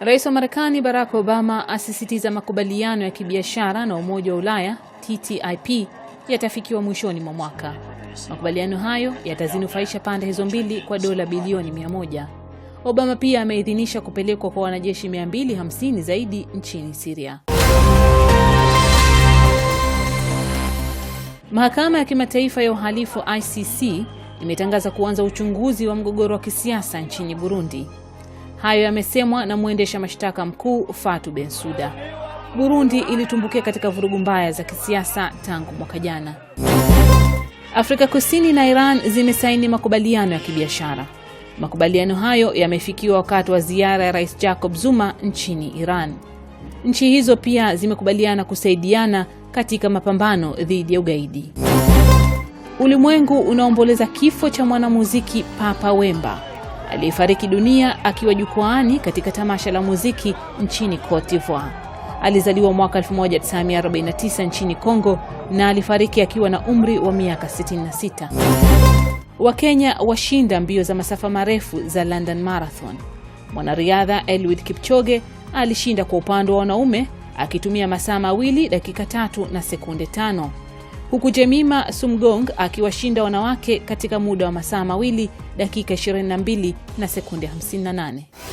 Rais wa Marekani Barack Obama asisitiza makubaliano ya kibiashara na Umoja wa Ulaya TTIP yatafikiwa mwishoni mwa mwaka. Makubaliano hayo yatazinufaisha pande hizo mbili kwa dola bilioni moja. Obama pia ameidhinisha kupelekwa kwa wanajeshi 250 zaidi nchini Siria. Mahakama ya Kimataifa ya Uhalifu ICC imetangaza kuanza uchunguzi wa mgogoro wa kisiasa nchini Burundi. Hayo yamesemwa na mwendesha mashtaka mkuu Fatu Bensuda. Burundi ilitumbukia katika vurugu mbaya za kisiasa tangu mwaka jana. Afrika Kusini na Iran zimesaini makubaliano ya kibiashara. Makubaliano hayo yamefikiwa wakati wa ziara ya Rais Jacob Zuma nchini Iran. Nchi hizo pia zimekubaliana kusaidiana katika mapambano dhidi ya ugaidi. Ulimwengu unaomboleza kifo cha mwanamuziki Papa Wemba aliyefariki dunia akiwa jukwaani katika tamasha la muziki nchini Cote d'Ivoire. Alizaliwa mwaka 1949 nchini Kongo na alifariki akiwa na umri wa miaka 66. Wakenya washinda mbio za masafa marefu za London Marathon. Mwanariadha Eliud Kipchoge alishinda kwa upande wa wanaume akitumia masaa mawili dakika tatu na sekunde tano huku Jemima Sumgong akiwashinda wanawake katika muda wa masaa mawili dakika 22 na sekunde 58.